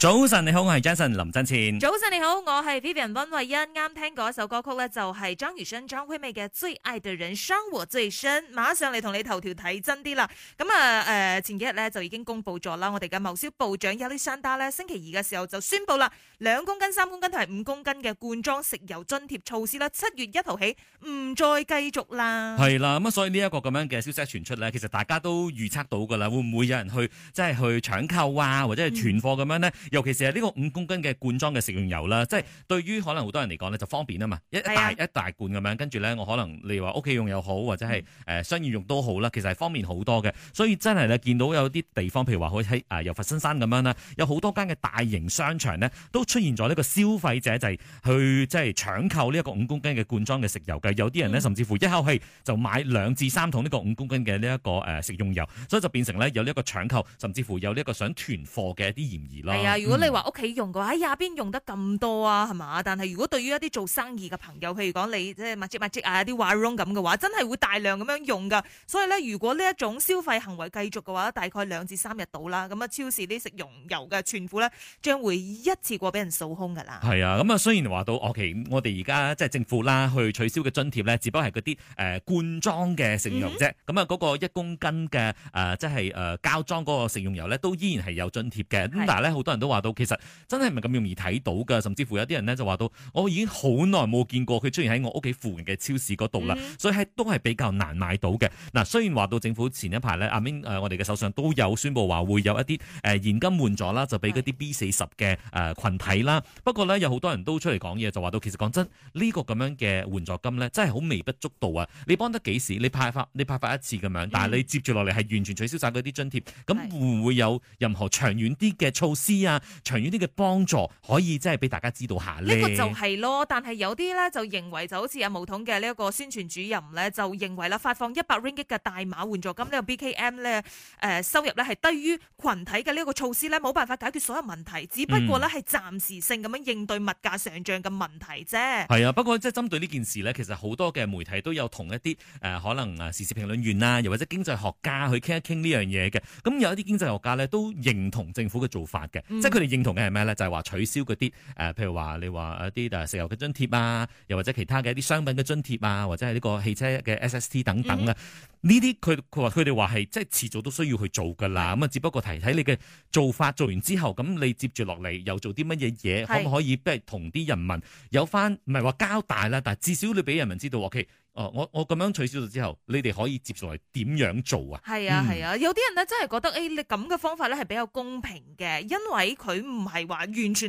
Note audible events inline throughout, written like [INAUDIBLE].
早晨，你好，我係 Jason 林真前。早晨，你好，我係 Vivian 溫慧欣。啱聽嗰一首歌曲咧、就是，就係張雨生、張惠妹嘅《最愛的人》，傷我最深。馬上嚟同你頭條睇真啲啦。咁啊，誒、呃，前幾日咧就已經公布咗啦。我哋嘅貿消部長雅莉山達咧，星期二嘅時候就宣布啦，兩公斤、三公斤同埋五公斤嘅罐裝食油津貼措施啦，七月一號起唔再繼續啦。係啦，咁啊，所以呢一個咁樣嘅消息傳出咧，其實大家都預測到噶啦，會唔會有人去即係去搶購啊，或者係囤貨咁、啊嗯、樣呢？尤其是呢個五公斤嘅罐裝嘅食用油啦，即係對於可能好多人嚟講呢，就方便啊嘛，一一大的一大罐咁樣，跟住呢，我可能你話話屋企用又好，或者係誒、呃、商業用都好啦，其實係方便好多嘅。所以真係呢，見到有啲地方，譬如話我喺誒由佛新山咁樣啦，有好多間嘅大型商場呢，都出現咗呢個消費者就係去即係搶購呢一個五公斤嘅罐裝嘅食油嘅，有啲人呢，嗯、甚至乎一口氣就買兩至三桶呢個五公斤嘅呢一個食用油，所以就變成呢，有呢一個搶購，甚至乎有呢個想囤貨嘅一啲嫌疑囉。如果你話屋企用嘅話，哎呀邊用得咁多啊？係嘛？但係如果對於一啲做生意嘅朋友，譬如講你即係密積密積啊，啲話 round 咁嘅話，真係會大量咁樣用噶。所以咧，如果呢一種消費行為繼續嘅話，大概兩至三日到啦。咁啊，超市啲食用油嘅存庫咧，將會一次過俾人掃空㗎啦。係啊，咁、嗯、啊，雖然話到 OK，我期，我哋而家即係政府啦，去取消嘅津貼咧，只不過係嗰啲誒罐裝嘅食用油啫。咁啊、嗯，嗰個一公斤嘅誒、呃，即係誒、呃、膠裝嗰個食用油咧，都依然係有津貼嘅。咁是但係咧，好多人都～話到其實真係唔係咁容易睇到噶，甚至乎有啲人呢就話到，我已經好耐冇見過佢出現喺我屋企附近嘅超市嗰度啦，mm hmm. 所以係都係比較難買到嘅。嗱、啊，雖然話到政府前一排呢，阿明誒、呃，我哋嘅首相都有宣布話會有一啲誒、呃、現金援助啦，就俾嗰啲 B 四十嘅誒群體啦。不過呢，有好多人都出嚟講嘢，就話到其實講真呢、這個咁樣嘅援助金呢，真係好微不足道啊！你幫得幾時？你派發你派發一次咁樣，但係你接住落嚟係完全取消晒嗰啲津貼，咁會唔會有任何長遠啲嘅措施啊？長遠啲嘅幫助，可以即係俾大家知道下呢個就係咯。但係有啲咧就認為就好似阿毛統嘅呢一個宣傳主任咧，就認為啦發放一百 ringgit 嘅大馬援助金個，呢個 BKM 咧，誒收入咧係低於群體嘅呢個措施咧，冇辦法解決所有問題，只不過咧係暫時性咁樣應對物價上漲嘅問題啫。係啊，不過即係針對呢件事呢，其實好多嘅媒體都有同一啲誒、呃、可能啊時事評論員啊，又或者經濟學家去傾一傾呢樣嘢嘅。咁有一啲經濟學家咧都認同政府嘅做法嘅，嗯咁佢哋認同嘅係咩咧？就係、是、話取消嗰啲誒，譬如話你話一啲誒石油嘅津貼啊，又或者其他嘅一啲商品嘅津貼啊，或者係呢個汽車嘅 SST 等等啊，呢啲佢佢話佢哋話係即係遲早都需要去做噶啦。咁啊、嗯，只不過睇睇你嘅做法做完之後，咁你接住落嚟又做啲乜嘢嘢，是可唔可以即係同啲人民有翻唔係話交代啦？但係至少你俾人民知道，O K。Okay, 哦、我我咁樣取消咗之後，你哋可以接住嚟點樣做啊？係啊係啊，有啲人咧真係覺得，誒、哎，你咁嘅方法咧係比較公平嘅，因為佢唔係話完全去取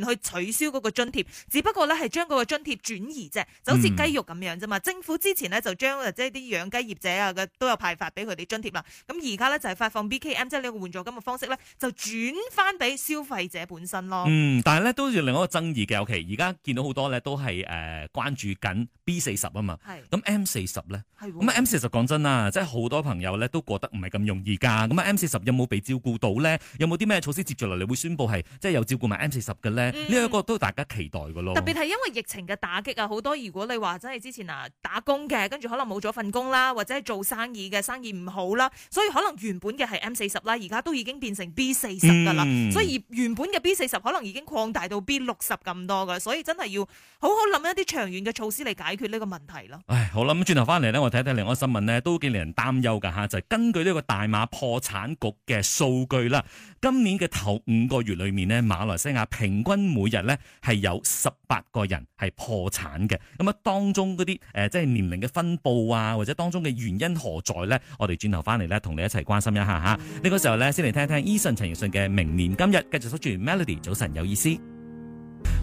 消嗰個津貼，只不過咧係將嗰個津貼轉移啫，就好似雞肉咁樣啫嘛。政府之前咧就將即係啲養雞業者啊都有派發俾佢哋津貼啦，咁而家咧就係發放 BKM，即係呢個援助金嘅方式咧，就轉翻俾消費者本身咯。嗯，但係咧都要另一個爭議嘅，尤其而家見到好多咧都係誒關注緊 B 四十啊嘛，咁是 M 四十咧，係咁 m 四十講真啦，即係好多朋友咧都過得唔係咁容易噶。咁啊！M 四十有冇被照顧到咧？有冇啲咩措施接住落嚟？會宣布係即係又照顧埋 M 四十嘅咧？呢一、嗯、個都大家期待噶咯。特別係因為疫情嘅打擊啊，好多如果你話真係之前啊打工嘅，跟住可能冇咗份工啦，或者係做生意嘅生意唔好啦，所以可能原本嘅係 M 四十啦，而家都已經變成 B 四十噶啦。嗯、所以原本嘅 B 四十可能已經擴大到 B 六十咁多噶，所以真係要好好諗一啲長遠嘅措施嚟解決呢個問題咯。唉，好諗。轉頭翻嚟咧，我睇睇另外新聞呢，都幾令人擔憂噶吓，就係、是、根據呢個大馬破產局嘅數據啦，今年嘅頭五個月裏面呢，馬來西亞平均每日呢係有十八個人係破產嘅。咁啊，當中嗰啲誒、即、呃、係、就是、年齡嘅分布啊，或者當中嘅原因何在呢？我哋轉頭翻嚟呢，同你一齊關心一下吓。呢、那個時候呢，先嚟聽一聽 Eason 陳奕迅嘅《明年今日》，繼續收住 Melody，早晨有意思。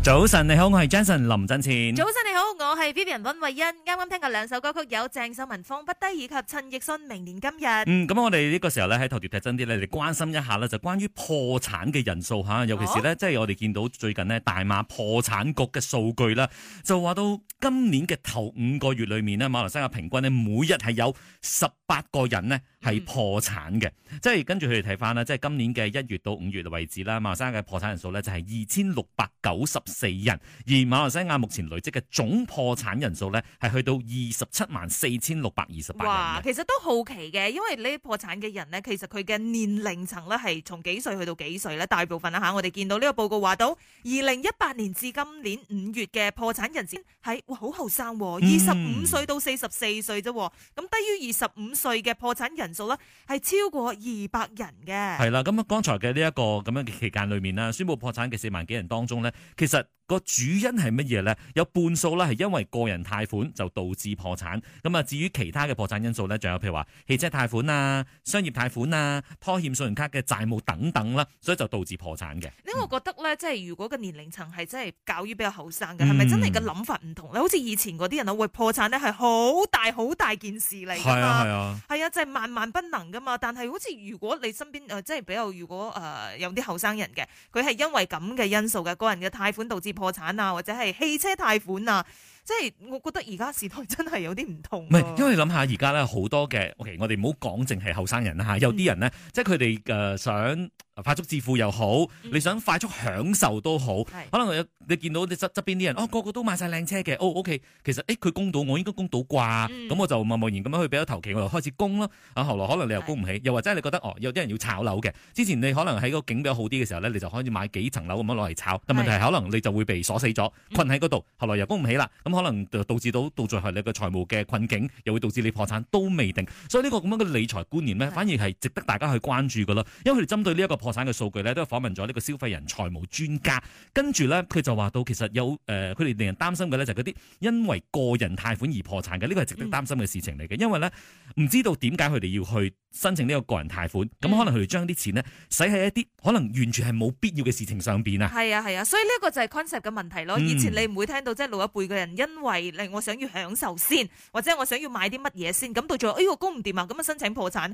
早晨，你好，我係 Jason 林振前。早晨，你好，我係 Vivian 溫慧欣。啱啱聽過兩首歌曲，有鄭秀文放不低，以及陳奕迅明年今日。嗯，咁、嗯、我哋呢個時候咧喺頭條睇真啲咧，嚟關心一下啦，就是、關於破產嘅人數吓，尤其是咧，oh? 即係我哋見到最近呢，大馬破產局嘅數據啦，就話到今年嘅頭五個月裏面呢，馬來西亞平均呢每日係有十八個人呢。係破產嘅，即係跟住佢哋睇翻啦，即係今年嘅一月到五月嘅位置啦。馬來西亞嘅破產人數呢就係二千六百九十四人，而馬來西亞目前累積嘅總破產人數呢，係去到二十七萬四千六百二十八人。哇！其實都好奇嘅，因為呢破產嘅人呢，其實佢嘅年齡層呢，係從幾歲去到幾歲呢？大部分啊嚇，我哋見到呢個報告話到，二零一八年至今年五月嘅破產人先係哇好後生，二十五歲到四十四歲啫，咁低於二十五歲嘅破產人。人數咧，係超過二百人嘅，係啦。咁啊，剛才嘅呢一個咁樣嘅期間裏面啦，宣佈破產嘅四萬幾人當中咧，其實。個主因係乜嘢咧？有半數咧係因為個人貸款就導致破產。咁啊，至於其他嘅破產因素咧，仲有譬如話汽車貸款啊、商業貸款啊、拖欠信用卡嘅債務等等啦，所以就導致破產嘅。因為我覺得咧，即係、嗯、如果個年齡層係真係較於比較後生嘅，係咪真係個諗法唔同咧？嗯、好似以前嗰啲人咧，會破產咧係好大好大件事嚟噶嘛？係啊，係啊，係啊，就係萬萬不能噶嘛。但係好似如果你身邊即係比較如果誒、呃、有啲後生人嘅，佢係因為咁嘅因素嘅個人嘅貸款導致。破產啊，或者係汽車貸款啊，即係我覺得而家時代真係有啲唔同。唔係，因為你諗下而家咧好多嘅，OK，我哋唔好講淨係後生人啦吓，有啲人咧，嗯、即係佢哋誒想。快速致富又好，你想快速享受都好，嗯、可能有你你到你側側邊啲人，哦，個個都買晒靚車嘅，哦 OK，其實誒佢、欸、供到，我應該供到啩，咁、嗯、我就默無言咁去比咗投期，我就開始供咯。後、啊、後來可能你又供唔起，是又或者你覺得哦有啲人要炒樓嘅，之前你可能喺個景點比較好啲嘅時候咧，你就開始買幾層樓咁樣攞嚟炒，是但問題是可能你就會被鎖死咗，困喺嗰度，後來又供唔起啦，咁可能導致到到最後你嘅財務嘅困境，又會導致你破產都未定。所以呢個咁樣嘅理財觀念咧，是反而係值得大家去關注噶啦，因為佢哋針對呢、這、一個破產嘅數據咧，都係訪問咗呢個消費人財務專家，跟住咧佢就話到，其實有誒，呃，佢哋令人擔心嘅咧就係嗰啲因為個人貸款而破產嘅，呢個係值得擔心嘅事情嚟嘅，因為咧唔知道點解佢哋要去申請呢個個人貸款，咁、嗯、可能佢哋將啲錢呢，使喺一啲可能完全係冇必要嘅事情上邊啊。係啊係啊，所以呢個就係 concept 嘅問題咯。以前你唔會聽到即係老一輩嘅人因為令我想要享受先，或者我想要買啲乜嘢先，咁到咗哎呀供唔掂啊，咁啊申請破產。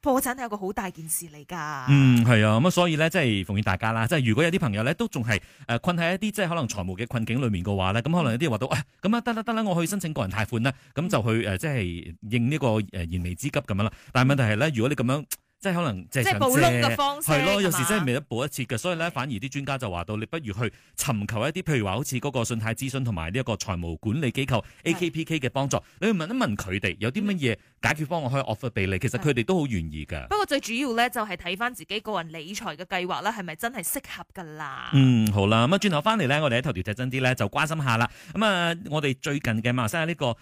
破產係一個好大件事嚟噶，嗯，係啊，咁啊所以咧，即係奉勸大家啦，即係如果有啲朋友咧，都仲係誒困喺一啲即係可能財務嘅困境裏面嘅話咧，咁可能有啲人話到，誒咁啊得啦得啦，我去申請個人貸款啦，咁、嗯、就去誒即係應呢個誒燃眉之急咁樣啦。但係問題係咧，如果你咁樣即係可能即係嘅方式。係咯，嗎有時真係未得補一次嘅，所以咧反而啲專家就話到，你不如去尋求一啲譬如話好似嗰個信貸諮詢同埋呢一個財務管理機構 AKPK 嘅幫助，是你去問一問佢哋有啲乜嘢。解決方案可以 offer 俾你，其實佢哋都好願意噶。不過最主要咧，就係睇翻自己個人理財嘅計劃啦，係咪真係適合噶啦、嗯？嗯，好啦，咁啊，轉頭翻嚟咧，我哋喺頭條睇真啲咧，就關心下啦。咁啊，我哋最近嘅馬來西亞呢個誒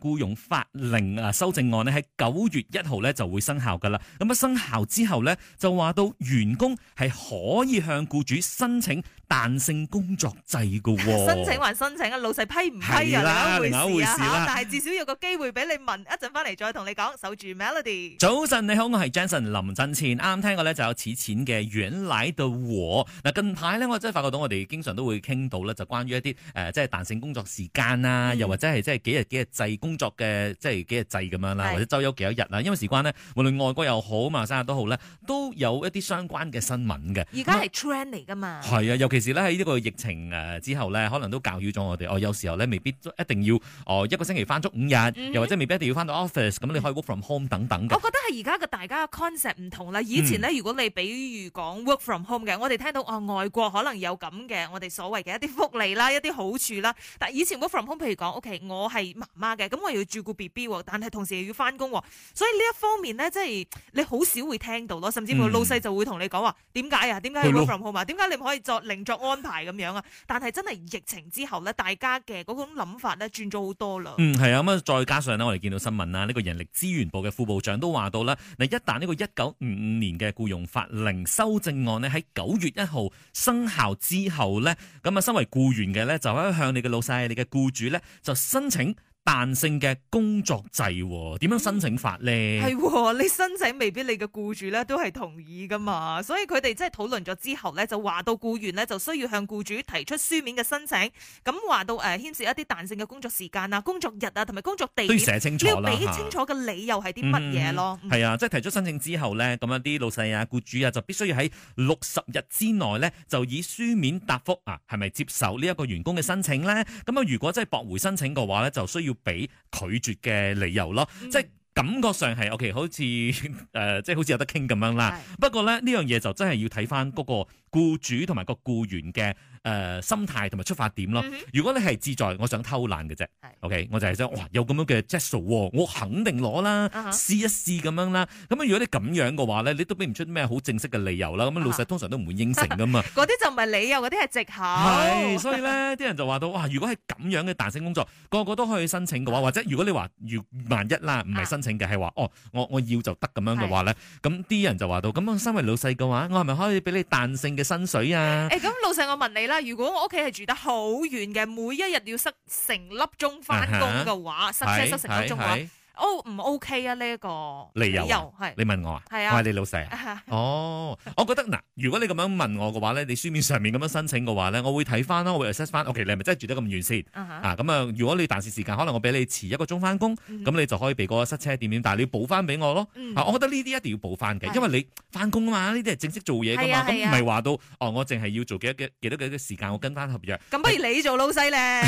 僱傭法令啊修正案呢，喺九月一號咧就會生效噶啦。咁啊生效之後咧，就話到員工係可以向僱主申請彈性工作制嘅、哦、 [LAUGHS] 申請還申請啊，老細批唔批啊？另一回事，啊、但係至少有個機會俾你問，一陣翻嚟再同你講。守住 Melody，早晨你好，我係 Jason 林振倩，剛剛有此前的。啱啱聽過咧就有此前嘅遠來的我。嗱，近排咧我真係發覺到我哋經常都會傾到啦，就關於一啲誒、呃，即係彈性工作時間啊，嗯、又或者係即係幾日幾日制工作嘅，即係幾日制咁樣啦，嗯、或者周休幾多日啦。因為事關呢，無論外國又好，馬來西亞都好咧，都有一啲相關嘅新聞嘅。而家係 trend 嚟噶嘛？係啊，嗯，尤其。其實喺呢個疫情之後咧，可能都教育咗我哋哦。有時候咧，未必一定要哦一個星期翻足五日，嗯、哼又或者未必一定要翻到 office。咁、嗯、你可以 work from home 等等。我覺得係而家嘅大家 concept 唔同啦。以前咧，如果你比如講 work from home 嘅，嗯、我哋聽到、哦、外國可能有咁嘅我哋所謂嘅一啲福利啦、一啲好處啦。但以前 work from home，譬如講，OK，我係媽媽嘅，咁我要照顧 BB，但係同時又要翻工喎。所以呢一方面咧，即、就、係、是、你好少會聽到咯。甚至乎老細就會同你講話：點解啊？點解要 work from home 啊、嗯？點解你唔可以作零？作安排咁樣啊，但係真係疫情之後咧，大家嘅嗰種諗法咧轉咗好多啦。嗯，係啊，咁啊，再加上咧，我哋見到新聞啊，呢個人力資源部嘅副部長都話到啦：「嗱，一旦呢個一九五五年嘅僱傭法令修正案咧喺九月一號生效之後咧，咁啊，身為雇員嘅咧就喺向你嘅老細、你嘅雇主咧就申請。彈性嘅工作制點樣申請法呢？係、嗯哦、你申請未必你嘅僱主咧都係同意噶嘛，所以佢哋即係討論咗之後咧，就話到僱員咧就需要向僱主提出書面嘅申請。咁話到誒、呃、牽涉一啲彈性嘅工作時間啊、工作日啊同埋工作地點，寫清楚，你要俾清楚嘅理由係啲乜嘢咯？係、嗯、啊，即、就、係、是、提出申請之後咧，咁一啲老細啊、僱主啊就必須要喺六十日之內咧就以書面答覆啊，係咪接受呢一個員工嘅申請咧？咁啊，如果真係駁回申請嘅話咧，就需要。俾拒絕嘅理由咯，嗯、即感覺上係 OK 好似、呃、即係好似有得傾咁樣啦。是的 不過咧，呢樣嘢就真係要睇翻嗰個僱主同埋個僱員嘅。誒、呃、心態同埋出發點咯。如果你係自在我想偷懶嘅啫，OK，我就係想哇有咁樣嘅質素，我肯定攞啦，試一試咁樣啦。咁如果你咁樣嘅話咧，你都俾唔出咩好正式嘅理由啦。咁老細通常都唔會應承噶嘛。嗰啲、uh huh. [LAUGHS] 就唔係理由，嗰啲係藉口。 [LAUGHS] 所以咧啲人就話到哇，如果係咁樣嘅彈性工作，個個都可以申請嘅話，uh huh. 或者如果你話如萬一啦，唔係申請嘅係話哦，我我要就得咁樣嘅話咧，咁啲、uh huh. 人就話到咁樣身為老細嘅話，我係咪可以俾你彈性嘅薪水啊？誒、欸，咁老細我問你啦。如果我屋企係住得好遠嘅，每一日要塞成粒鐘翻工嘅話，uh huh. 塞車塞成粒鐘嘅話。Uh huh. O 唔 OK 啊？呢一個理由係你問我啊？係啊，我係你老細啊。哦，我覺得嗱，如果你咁樣問我嘅話咧，你書面上面咁樣申請嘅話咧，我會睇翻啦，我會 assess 翻。OK，你係咪真係住得咁遠先？咁啊，如果你彈線時間可能我俾你遲一個鐘翻工，咁你就可以俾嗰個塞車點點，但係你要補翻俾我咯。我覺得呢啲一定要補翻嘅，因為你翻工啊嘛，呢啲係正式做嘢㗎嘛，咁唔係話到哦，我淨係要做幾多幾多幾多時間，我跟翻合約。咁不如你做老細咧？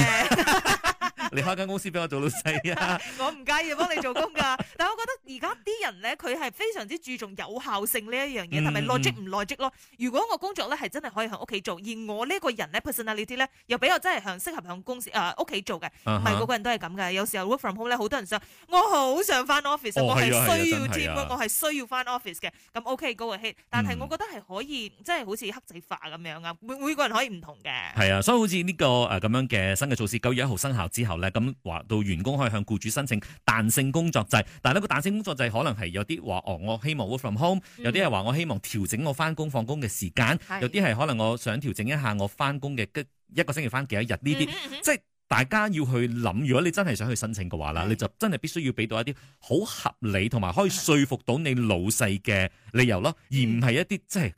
你開間公司俾我做老細啊？我唔介意幫你。做工噶，但係我覺得而家啲人咧，佢係非常之注重有效性呢一樣嘢，係咪 logic 唔 logic 咯？如果我工作咧係真係可以喺屋企做，而我呢個人咧 personality 咧又比較真係向適合向公司啊屋企做嘅，唔係個個人都係咁嘅。有時候 work from home 咧，好多人想，我好想翻 office，我係需要，只不過我係需要翻 office 嘅。咁 OK，嗰個 hit，但係我覺得係可以，真係好似黑仔化咁樣啊。每每個人可以唔同嘅。係啊，所以好似呢個誒咁樣嘅新嘅措施，九月一號生效之後咧，咁話到員工可以向僱主申請彈性，工作制，但係呢個彈性工作制可能係有啲話哦，我希望 work from home，mm hmm. 有啲係話我希望調整我翻工放工嘅時間，mm hmm. 有啲係可能我想調整一下我翻工嘅一個星期翻幾多日呢啲，即係，mm hmm. 大家要去諗。如果你真係想去申請嘅話啦，mm hmm. 你就真係必須要俾到一啲好合理同埋可以說服到你老細嘅理由咯，mm hmm. 而唔係一啲即係。就是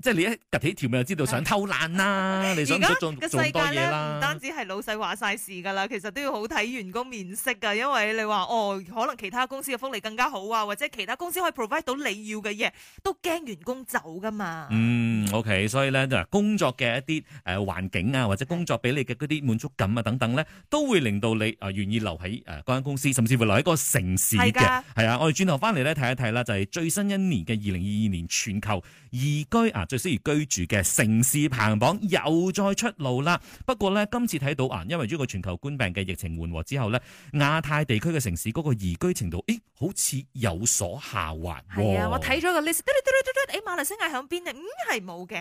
即係你一夾起條命，就知道想偷懶啦，啊，現在 你想做做，世界呢做多嘢啦。唔單止係老細話晒事噶啦，其實都要好睇員工面色噶，因為你話哦，可能其他公司嘅福利更加好啊，或者其他公司可以 provide 到你要嘅嘢，都驚員工走噶嘛。嗯，OK，所以咧，工作嘅一啲誒環境啊，或者工作俾你嘅嗰啲滿足感啊等等咧，的都會令到你啊願意留喺誒嗰間公司，甚至乎留喺個城市嘅。係啊的，我哋轉頭翻嚟咧睇一睇啦，就係、是、最新一年嘅二零二二年全球宜居啊。最適宜居住嘅城市排行榜又再出爐啦！不過呢，今次睇到啊，因為呢個全球冠病嘅疫情緩和之後呢，亞太地區嘅城市嗰個宜居程度，誒。好似有所下滑，哦。係啊，我睇咗個 list，嘟嘟嘟馬來西亞響邊？嗯，係冇嘅。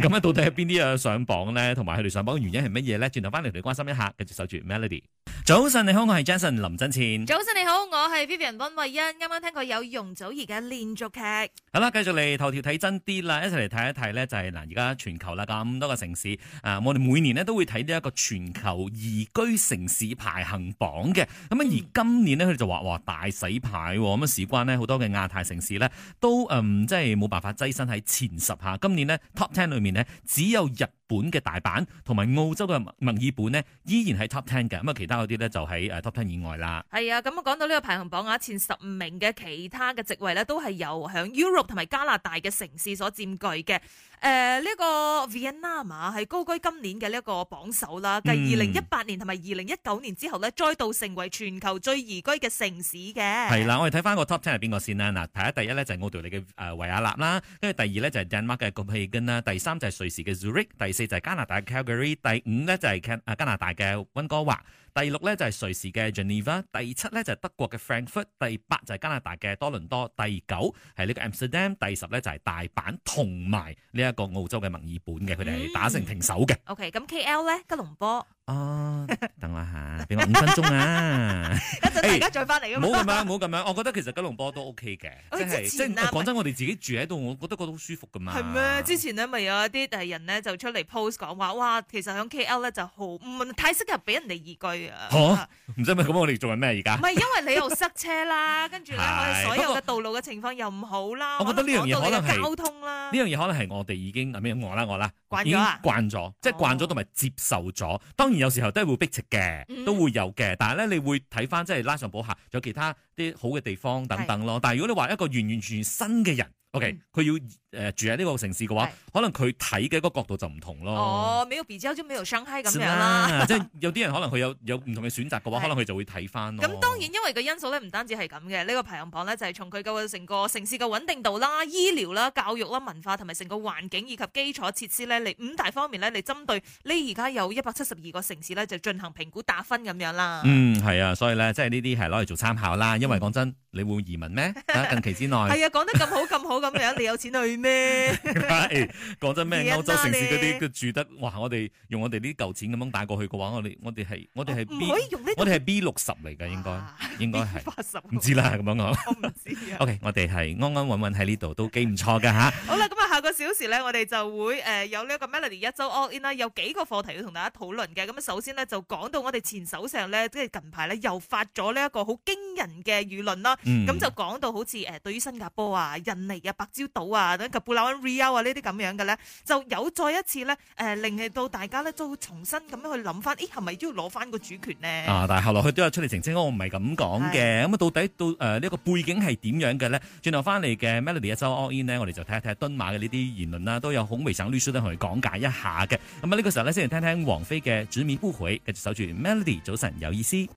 咁 [LAUGHS] 啊、嗯，到底係邊啲啊上榜咧？同埋佢哋上榜嘅原因係乜嘢咧？轉頭翻嚟同你關心一下，繼續守住 Melody。早晨，你好，我係 Jason 林振前。早晨你好，我係 Vivian 溫慧欣。啱啱聽過有容祖兒嘅連續劇。好啦，繼續嚟頭條睇真啲啦，一齊嚟睇一睇咧、就是，就係嗱，而家全球啦咁多個城市啊，我哋每年咧都會睇呢一個全球宜居城市排行榜嘅。咁啊，而今年咧佢哋就話哇大洗牌咁啊！事關咧，好多嘅亞太城市咧都嗯，即係冇辦法躋身喺前十嚇。今年咧，Top Ten 裏面咧只有日。本嘅大阪同埋澳洲嘅墨爾本呢，依然係 top ten 嘅咁啊，其他嗰啲咧就喺誒 top ten 以外啦。係啊，咁啊講到呢個排行榜啊，前十五名嘅其他嘅席位呢，都係由響 Europe 同埋加拿大嘅城市所佔據嘅。誒、呃、呢、這個 Vienna 係、啊、高居今年嘅呢一個榜首啦，繼二零一八年同埋二零一九年之後呢，嗯、再度成為全球最宜居嘅城市嘅。係啦、啊，我哋睇翻個 top ten 係邊個先啦？嗱，睇下第一呢，就係奧地利嘅誒維也納啦，跟住第二呢，就係 Denmark 嘅哥貝根啦，第三就係瑞士嘅 Zurich，第四就係加拿大 Calgary，第五咧就係啊加拿大嘅溫哥華，第六咧就係瑞士嘅 Geneva，第七咧就係德國嘅 Frankfurt，第八就係加拿大嘅多倫多，第九係呢個 Amsterdam，第十咧就係大阪同埋呢一個澳洲嘅墨爾本嘅，佢哋打成平手嘅。OK，咁 KL 咧，吉隆坡。啊，等我下，俾我五分鐘啊！一陣大家再翻嚟咁。唔好咁樣，唔好咁樣。我覺得其實吉隆坡都 OK 嘅，即係即係。講真，我哋自己住喺度，我覺得覺得好舒服噶嘛。係咩？之前咧咪有一啲誒人咧就出嚟 post 講話，哇，其實喺 KL 咧就好唔太適合俾人哋移居啊。吓，唔知咪咁，我哋做緊咩而家？唔係，因為你又塞車啦，跟住咧我哋所有嘅道路嘅情況又唔好啦。我覺得呢樣嘢可能係交通啦。呢樣嘢可能係我哋已經啊咩？我啦，我啦，已經咗，慣咗，即係慣咗同埋接受咗。當有時候都係會逼迫嘅，都會有嘅。但係咧，你會睇翻，即係拉上補下仲有其他啲好嘅地方等等咯。是的 但係如果你話一個完完全全新嘅人，O.K. 佢要誒住喺呢個城市嘅話，嗯、可能佢睇嘅一個角度就唔同咯。哦，冇有比較就冇有傷害咁樣啦。在 [LAUGHS] 即係有啲人可能佢有有唔同嘅選擇嘅話，是可能佢就會睇翻。咁、嗯、當然因為這個因素咧，唔單止係咁嘅。呢、這個排行榜咧就係從佢嘅成個城市嘅穩定度啦、醫療啦、教育啦、文化同埋成個環境以及基礎設施咧嚟五大方面咧嚟針對呢而家有一百七十二個城市咧就進行評估打分咁樣啦。嗯，係啊，所以咧即係呢啲係攞嚟做參考啦。因為講、嗯、真，你會移民咩？近期之內係 [LAUGHS] 啊，講得咁好咁好。 [LAUGHS] 咁樣你有錢去咩？係講真咩？歐洲城市嗰啲，佢住得哇！我哋用我哋啲舊錢咁樣帶過去嘅話，我哋我哋係我哋係唔可以用呢？我哋係 B 六十嚟㗎，應該應該係 B 八十，唔知啦咁樣講。OK，我哋係安安穩穩喺呢度，都幾唔錯㗎吓。好啦，咁啊，下個小時咧，我哋就會誒有呢一個 Melody 一周 All In 啦，有幾個課題要同大家討論嘅。咁首先咧，就講到我哋前首相咧，即係近排咧又發咗呢一個好驚人嘅輿論啦。咁就講到好似誒對於新加坡啊、印尼啊。.白礁島啊，等及布拉灣 Rio 啊，呢啲咁樣嘅咧，就有再一次咧，誒、呃，令到大家咧都重新咁樣去諗翻，咦，係咪都要攞翻個主權呢？啊，但係後來佢都有出嚟澄清，清，我唔係咁講嘅。咁啊的，到底到誒呢個背景係點樣嘅咧？轉頭翻嚟嘅 Melody 一、so、周 all、In、呢，我哋就睇一睇敦馬嘅呢啲言論啦，都有孔維省律師咧同佢講解一下嘅。咁啊，呢個時候咧先嚟聽聽王菲嘅《執迷不悔》，繼續守住 Melody 早晨有意思。